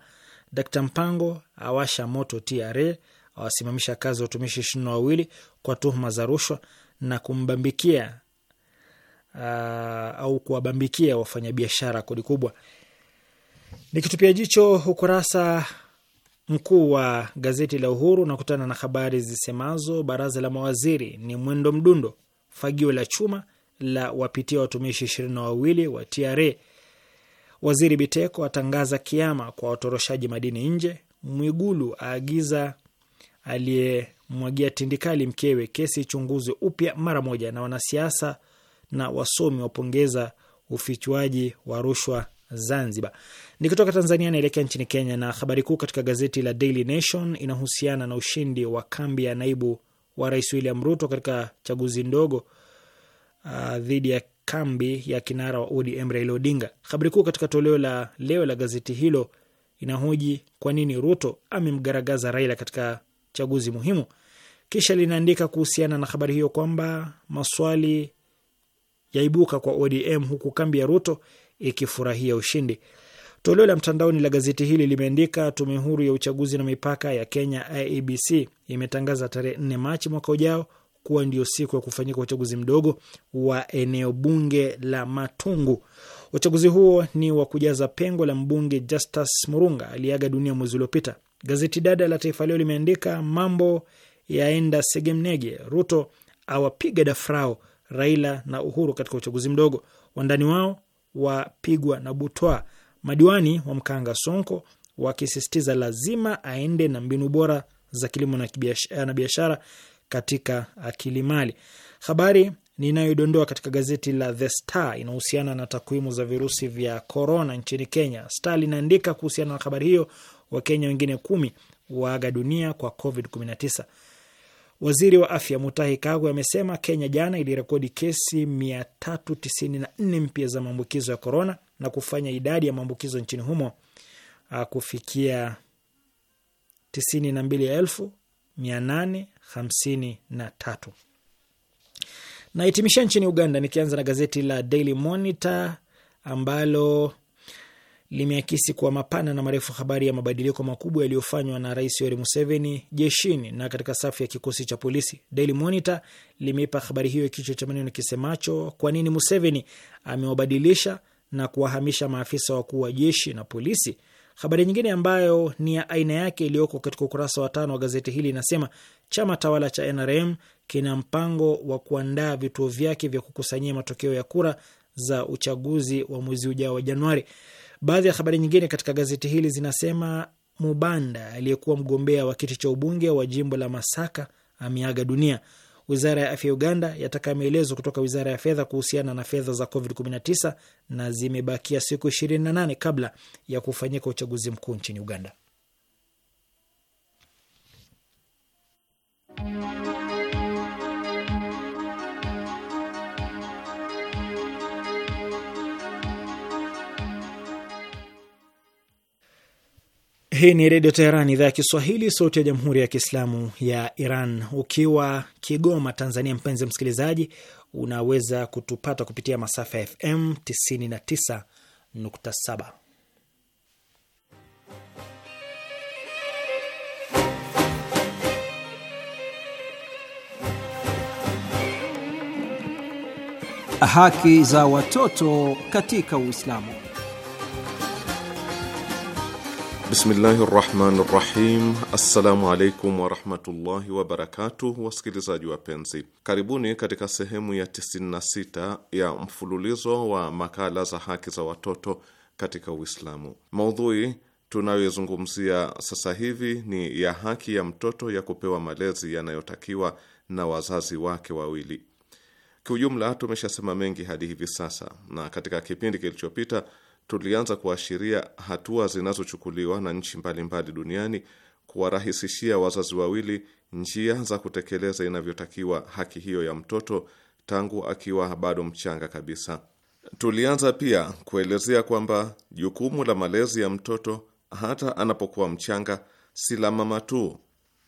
Dkt Mpango awasha moto TRA awasimamisha kazi watumishi ishirini na wawili kwa tuhuma za rushwa na kumbambikia uh, au kuwabambikia wafanyabiashara kodi kubwa. Nikitupia jicho ukurasa mkuu wa gazeti la Uhuru nakutana na habari zisemazo baraza la mawaziri ni mwendo mdundo, fagio la chuma la wapitia watumishi ishirini na wawili wa TRA, waziri Biteko atangaza kiama kwa watoroshaji madini nje, Mwigulu aagiza aliyemwagia tindikali mkewe, kesi ichunguzwe upya mara moja, na wanasiasa na wasomi wapongeza ufichuaji wa rushwa Zanzibar. Nikitoka Tanzania naelekea nchini Kenya, na habari kuu katika gazeti la Daily Nation inahusiana na ushindi wa kambi ya naibu wa rais William Ruto katika chaguzi ndogo uh, dhidi uh, ya kambi ya kinara wa ODM Raila Odinga. Habari kuu katika toleo la leo la gazeti hilo inahoji kwa nini Ruto amemgaragaza Raila katika chaguzi muhimu. Kisha linaandika kuhusiana na habari hiyo kwamba maswali yaibuka kwa ODM huku kambi ya Ruto ikifurahia ushindi. Toleo la mtandaoni la gazeti hili limeandika, tume huru ya uchaguzi na mipaka ya Kenya IEBC imetangaza tarehe 4 Machi mwaka ujao kuwa ndio siku ya kufanyika uchaguzi mdogo wa eneo bunge la Matungu. Uchaguzi huo ni wa kujaza pengo la mbunge Justus Murunga aliyeaga dunia mwezi uliopita. Gazeti dada la Taifa Leo limeandika mambo yaenda segemnege, Ruto awapiga dafrao Raila na Uhuru katika uchaguzi mdogo, wandani wao wapigwa na butwa, madiwani wa mkanga Sonko wakisisitiza lazima aende na mbinu bora za kilimo na biashara katika mali. Habari ninayodondoa katika gazeti la The Star inahusiana na takwimu za virusi vya korona nchini Kenya. Star linaandika kuhusiana na habari hiyo Wakenya wengine kumi waaga dunia kwa COVID-19. Waziri wa afya Mutahi Kagwe amesema Kenya jana ilirekodi kesi 394 mpya za maambukizo ya korona na kufanya idadi ya maambukizo nchini humo ah, kufikia 92853. Nahitimisha nchini Uganda, nikianza na gazeti la Daily Monitor ambalo limeakisi kuwa mapana na marefu habari ya mabadiliko makubwa yaliyofanywa na Rais Yoweri Museveni jeshini na katika safu ya kikosi cha polisi. Daily Monitor limeipa habari hiyo kichwa cha maneno kisemacho, kwa nini Museveni amewabadilisha na kuwahamisha maafisa wakuu wa jeshi na polisi. Habari nyingine ambayo ni ya aina yake iliyoko katika ukurasa wa tano wa gazeti hili inasema chama tawala cha NRM kina mpango wa kuandaa vituo vyake vya kukusanyia matokeo ya kura za uchaguzi wa mwezi ujao wa Januari. Baadhi ya habari nyingine katika gazeti hili zinasema Mubanda aliyekuwa mgombea wa kiti cha ubunge wa jimbo la Masaka ameaga dunia. Wizara ya afya ya Uganda yataka maelezo kutoka wizara ya fedha kuhusiana na fedha za COVID-19 na zimebakia siku 28 kabla ya kufanyika uchaguzi mkuu nchini Uganda. Hii ni Redio Teheran, idhaa ya Kiswahili, sauti ya Jamhuri ya Kiislamu ya Iran. Ukiwa Kigoma, Tanzania, mpenzi msikilizaji, unaweza kutupata kupitia masafa ya FM 99.7. Haki za watoto katika Uislamu. Bismillahi rahmani rahim. Assalamu alaikum warahmatullahi wabarakatuh. Wasikilizaji wapenzi, karibuni katika sehemu ya 96 ya mfululizo wa makala za haki za watoto katika Uislamu. Maudhui tunayoizungumzia sasa hivi ni ya haki ya mtoto ya kupewa malezi yanayotakiwa na wazazi wake wawili. Kiujumla, tumeshasema mengi hadi hivi sasa, na katika kipindi kilichopita tulianza kuashiria hatua zinazochukuliwa na nchi mbalimbali duniani kuwarahisishia wazazi wawili njia za kutekeleza inavyotakiwa haki hiyo ya mtoto tangu akiwa bado mchanga kabisa. Tulianza pia kuelezea kwamba jukumu la malezi ya mtoto hata anapokuwa mchanga si la mama tu,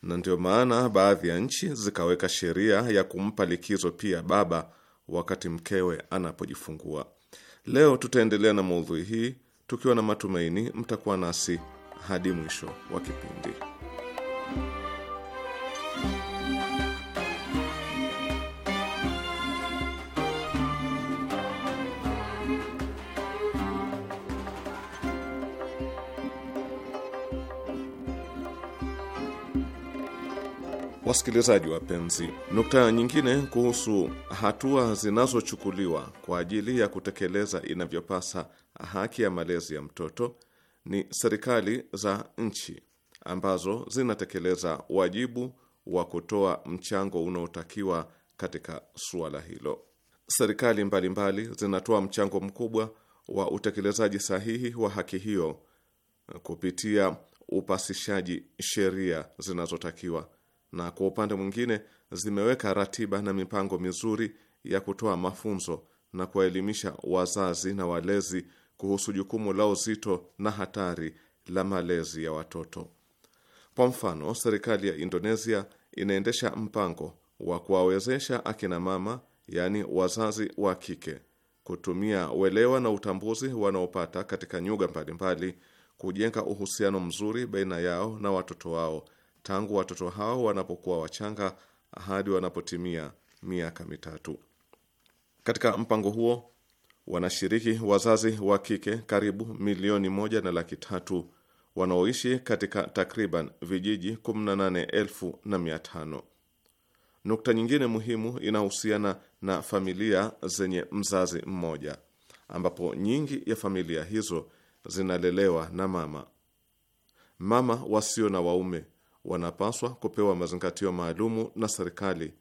na ndio maana baadhi ya nchi zikaweka sheria ya kumpa likizo pia baba wakati mkewe anapojifungua. Leo tutaendelea na maudhui hii tukiwa na matumaini mtakuwa nasi hadi mwisho wa kipindi. Wasikilizaji wapenzi, nukta nyingine kuhusu hatua zinazochukuliwa kwa ajili ya kutekeleza inavyopasa haki ya malezi ya mtoto ni serikali za nchi ambazo zinatekeleza wajibu wa kutoa mchango unaotakiwa katika suala hilo. Serikali mbalimbali zinatoa mchango mkubwa wa utekelezaji sahihi wa haki hiyo kupitia upasishaji sheria zinazotakiwa na kwa upande mwingine zimeweka ratiba na mipango mizuri ya kutoa mafunzo na kuwaelimisha wazazi na walezi kuhusu jukumu la uzito na hatari la malezi ya watoto. Kwa mfano, serikali ya Indonesia inaendesha mpango wa kuwawezesha akina mama, yaani wazazi wa kike, kutumia uelewa na utambuzi wanaopata katika nyuga mbalimbali kujenga uhusiano mzuri baina yao na watoto wao tangu watoto hao wanapokuwa wachanga hadi wanapotimia miaka mitatu. Katika mpango huo wanashiriki wazazi wa kike karibu milioni moja na laki tatu wanaoishi katika takriban vijiji 18,500. Nukta nyingine muhimu inahusiana na familia zenye mzazi mmoja, ambapo nyingi ya familia hizo zinalelewa na mama. Mama wasio na waume wanapaswa kupewa mazingatio maalumu na serikali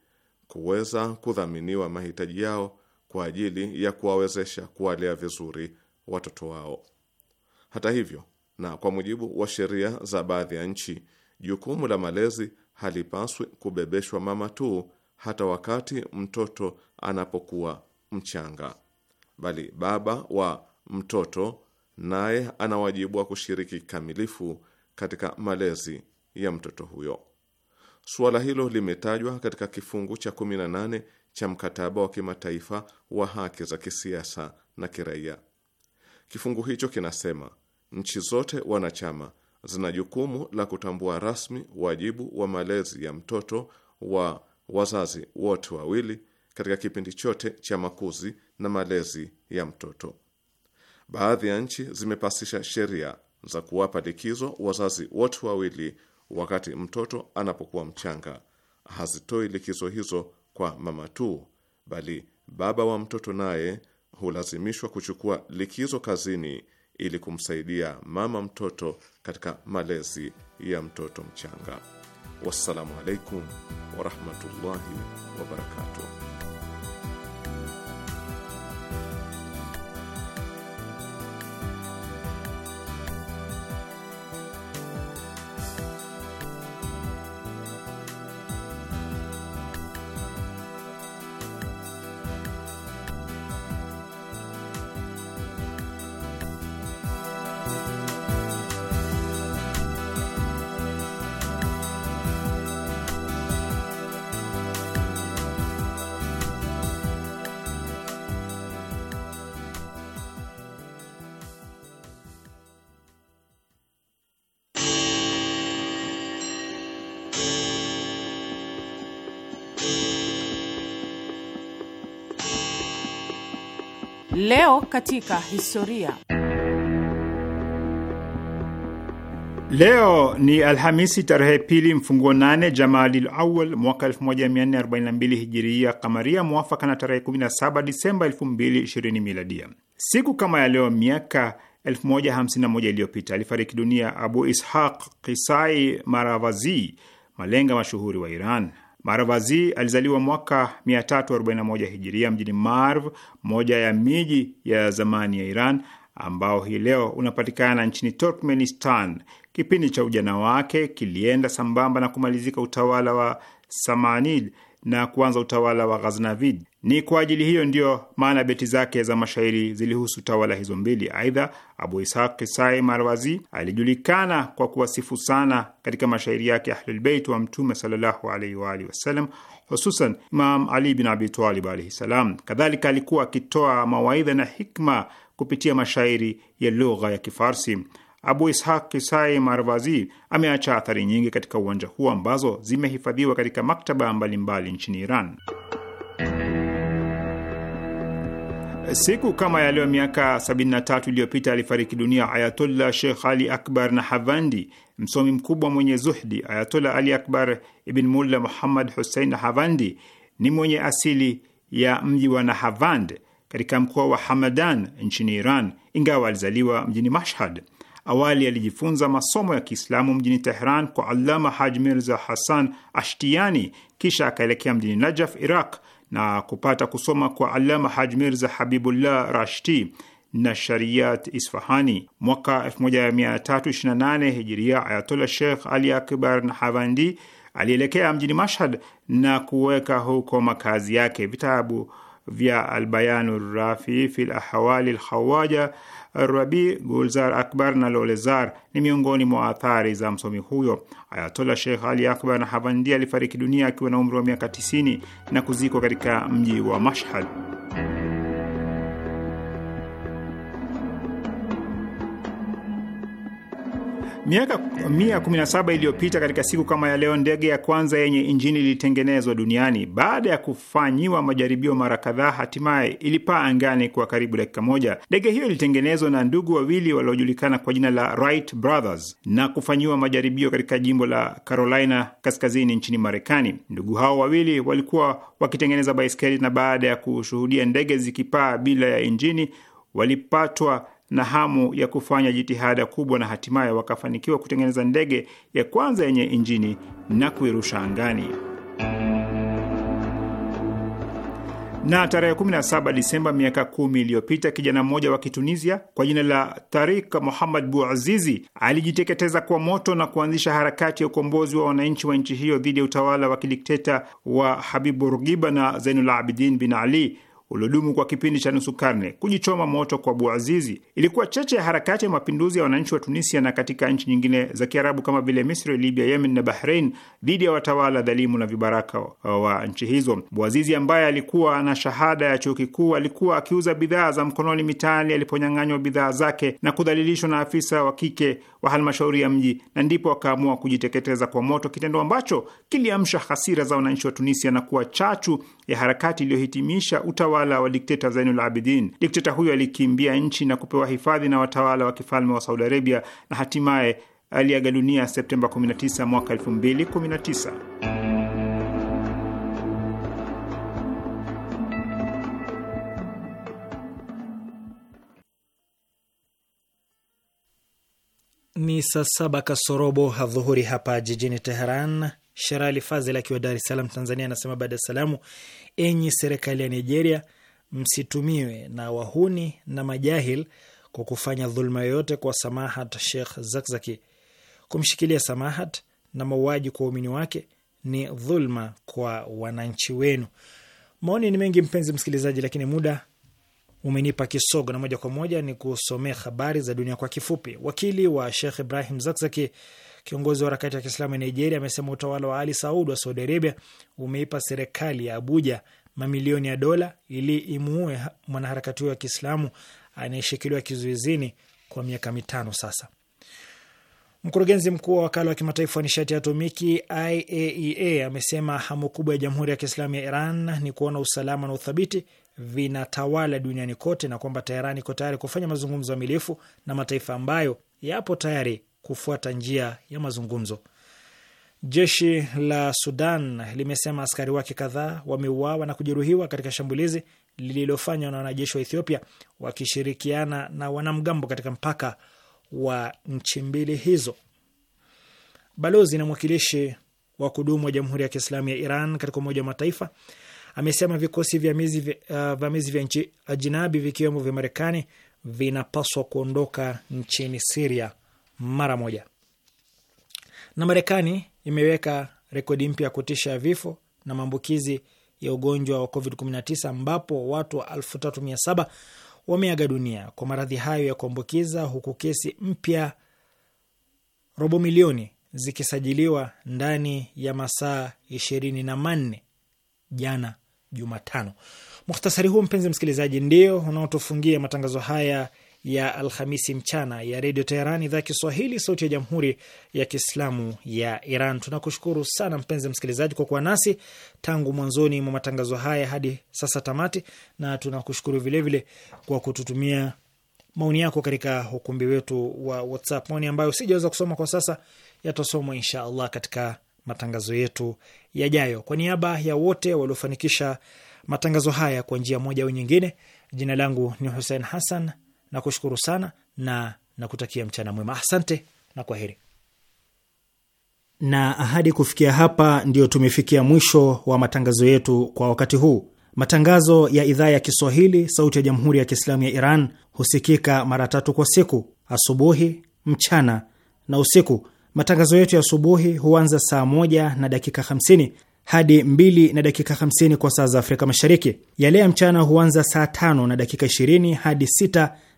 kuweza kudhaminiwa mahitaji yao kwa ajili ya kuwawezesha kuwalea vizuri watoto wao. Hata hivyo, na kwa mujibu wa sheria za baadhi ya nchi, jukumu la malezi halipaswi kubebeshwa mama tu, hata wakati mtoto anapokuwa mchanga, bali baba wa mtoto naye ana wajibu wa kushiriki kikamilifu katika malezi ya mtoto huyo. Suala hilo limetajwa katika kifungu cha 18 cha mkataba wa kimataifa wa haki za kisiasa na kiraia. Kifungu hicho kinasema nchi zote wanachama zina jukumu la kutambua rasmi wajibu wa malezi ya mtoto wa wazazi wote wawili katika kipindi chote cha makuzi na malezi ya mtoto. Baadhi ya nchi zimepasisha sheria za kuwapa likizo wazazi wote wawili wakati mtoto anapokuwa mchanga, hazitoi likizo hizo kwa mama tu, bali baba wa mtoto naye hulazimishwa kuchukua likizo kazini ili kumsaidia mama mtoto katika malezi ya mtoto mchanga. Wassalamu alaikum warahmatullahi wabarakatuh. Leo katika historia. Leo ni Alhamisi tarehe pili mfunguo nane Jamadil Awal mwaka 1442 hijiria kamaria, mwafaka na tarehe 17 Disemba 2020 miladia. Siku kama ya leo miaka 1051 iliyopita alifariki dunia Abu Ishaq Kisai Maravazi, malenga mashuhuri wa Iran. Marvazi alizaliwa mwaka 341 hijiria mjini Marv, moja ya miji ya zamani ya Iran ambao hii leo unapatikana nchini Turkmenistan. Kipindi cha ujana wake kilienda sambamba na kumalizika utawala wa Samanid na kuanza utawala wa Ghaznavid. Ni kwa ajili hiyo ndiyo maana beti zake za mashairi zilihusu tawala hizo mbili. Aidha, Abu Ishaq Sai Marwazi alijulikana kwa kuwasifu sana katika mashairi yake Ahlulbeit wa Mtume sallallahu alaihi wa alihi wasallam, hususan Imam Ali bin Abitalib alaihi salam. Kadhalika alikuwa akitoa mawaidha na hikma kupitia mashairi ya lugha ya Kifarsi. Abu Ishaq Kisai Marvazi ameacha athari nyingi katika uwanja huo ambazo zimehifadhiwa katika maktaba mbalimbali mbali nchini Iran. Siku kama ya leo miaka 73 iliyopita alifariki dunia Ayatollah Sheikh Ali Akbar Nahavandi, msomi mkubwa mwenye zuhdi. Ayatollah Ali Akbar ibn Mulla Muhammad Hussein Nahavandi ni mwenye asili ya mji wa Nahavand katika mkoa wa Hamadan nchini Iran, ingawa alizaliwa mjini Mashhad. Awali alijifunza masomo ya Kiislamu mjini Tehran kwa Allama Haj Mirza Hassan Ashtiani, kisha akaelekea mjini Najaf, Iraq na kupata kusoma kwa Alama Haj Mirza Habibullah Rashti na Shariat Isfahani. Mwaka 1328 Hijiria, Ayatollah Sheikh Ali Akbar Nahavandi alielekea mjini Mashhad na kuweka huko makazi yake. Vitabu vya Albayanu Rafi fi Lahawali Lhawaja Rabi Gulzar Akbar na Lolezar ni miongoni mwa athari za msomi huyo. Ayatola Sheikh Ali Akbar na Havandi alifariki dunia akiwa na umri wa miaka 90 na kuzikwa katika mji wa Mashhad. Miaka 117 iliyopita katika siku kama ya leo, ndege ya kwanza yenye injini ilitengenezwa duniani. Baada ya kufanyiwa majaribio mara kadhaa, hatimaye ilipaa angani kwa karibu dakika moja. Ndege hiyo ilitengenezwa na ndugu wawili waliojulikana kwa jina la Wright Brothers na kufanyiwa majaribio katika jimbo la Carolina Kaskazini nchini Marekani. Ndugu hao wawili walikuwa wakitengeneza baiskeli, na baada ya kushuhudia ndege zikipaa bila ya injini walipatwa na hamu ya kufanya jitihada kubwa na hatimaye wakafanikiwa kutengeneza ndege ya kwanza yenye injini na kuirusha angani. Na tarehe 17 Disemba miaka kumi iliyopita kijana mmoja wa Kitunisia kwa jina la Tarik Muhammad buazizi alijiteketeza kwa moto na kuanzisha harakati ya ukombozi wa wananchi wa nchi hiyo dhidi ya utawala wa kidikteta wa Habibu Rugiba na Zainul Abidin bin Ali uliodumu kwa kipindi cha nusu karne. Kujichoma moto kwa Buazizi ilikuwa cheche ya harakati ya mapinduzi ya wananchi wa Tunisia na katika nchi nyingine za Kiarabu kama vile Misri, Libya, Yemen na bahrein dhidi ya watawala dhalimu na vibaraka wa nchi hizo. Buazizi ambaye alikuwa na shahada ya chuo kikuu alikuwa akiuza bidhaa za mkononi mitaani aliponyang'anywa bidhaa zake na kudhalilishwa na afisa wa kike wa halmashauri ya mji, na ndipo akaamua kujiteketeza kwa moto, kitendo ambacho kiliamsha hasira za wananchi wa Tunisia na kuwa chachu ya harakati iliyohitimisha utawala wa dikteta Zainul Abidin. Dikteta huyo alikimbia nchi na kupewa hifadhi na watawala wa kifalme wa Saudi Arabia na hatimaye aliaga dunia Septemba 19 mwaka 2019. Ni saa saba kasorobo hadhuhuri hapa jijini Teheran, Sherali Fazel akiwa Dar es Salaam, Tanzania, anasema baada ya salamu, enyi serikali ya Nigeria, msitumiwe na wahuni na majahil kwa kufanya dhulma yoyote kwa Samahat Sheikh Zakzaki. Kumshikilia Samahat na mauaji kwa waumini wake ni dhulma kwa wananchi wenu. Maoni ni mengi, mpenzi msikilizaji, lakini muda umenipa kisogo, na moja kwa moja ni kusomea habari za dunia kwa kifupi. Wakili wa Sheikh Ibrahim Zakzaki Kiongozi wa harakati ya Kiislamu ya Nigeria amesema utawala wa Ali Saud wa Saudi Arabia umeipa serikali ya Abuja mamilioni ya dola ili imuue mwanaharakati huyo wa Kiislamu anayeshikiliwa kizuizini kwa miaka mitano sasa. Mkurugenzi mkuu wa wakala wa kimataifa wa nishati ya atomiki IAEA e amesema hamu kubwa ya jamhuri ya Kiislamu ya Iran ni kuona usalama na uthabiti vinatawala duniani kote na kwamba Teherani iko tayari kufanya mazungumzo amilifu na mataifa ambayo yapo tayari kufuata njia ya mazungumzo. Jeshi la Sudan limesema askari wake kadhaa wameuawa na kujeruhiwa katika shambulizi lililofanywa na wanajeshi wa Ethiopia wakishirikiana na wanamgambo katika mpaka wa nchi mbili hizo. Balozi na mwakilishi wa kudumu wa Jamhuri ya Kiislamu ya Iran katika Umoja wa Mataifa amesema vikosi uh, vamizi uh, vya nchi ajinabi vikiwemo vya Marekani vinapaswa kuondoka nchini Siria mara moja. Na Marekani imeweka rekodi mpya ya kutisha vifo na maambukizi ya ugonjwa wa COVID-19 ambapo watu 3700 wameaga dunia kwa maradhi hayo ya kuambukiza huku kesi mpya robo milioni zikisajiliwa ndani ya masaa ishirini na manne jana Jumatano. Mukhtasari huu mpenzi msikilizaji, ndio unaotufungia matangazo haya ya Alhamisi mchana ya Redio Teherani, idhaa ya Kiswahili, sauti ya Jamhuri ya Kiislamu ya Iran. Tunakushukuru sana mpenzi msikilizaji kwa kuwa nasi tangu mwanzoni mwa matangazo haya hadi sasa tamati, na tunakushukuru vilevile kwa kututumia maoni yako katika ukumbi wetu wa WhatsApp, maoni ambayo sijaweza kusoma kwa sasa yatasomwa insha Allah katika matangazo yetu yajayo. Kwa niaba ya wote waliofanikisha matangazo haya kwa njia moja au nyingine, jina langu ni Hussein Hassan. Nakushukuru sana na nakutakia mchana mwema. Asante na heri. Na ahadi kufikia hapa, ndiyo tumefikia mwisho wa matangazo yetu kwa wakati huu. Matangazo ya idhaa ya Kiswahili sauti ya Jamhuri ya Kiislamu ya Iran husikika mara tatu kwa siku: asubuhi, mchana na usiku. Matangazo yetu ya asubuhi huanza saa moja na dakika 50 hadi 2 na dakika 50 kwa saa za Afrika Mashariki. Yale ya mchana huanza saa tano na dakika 20 hadi 6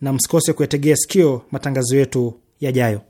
na msikose kuyategea sikio matangazo yetu yajayo.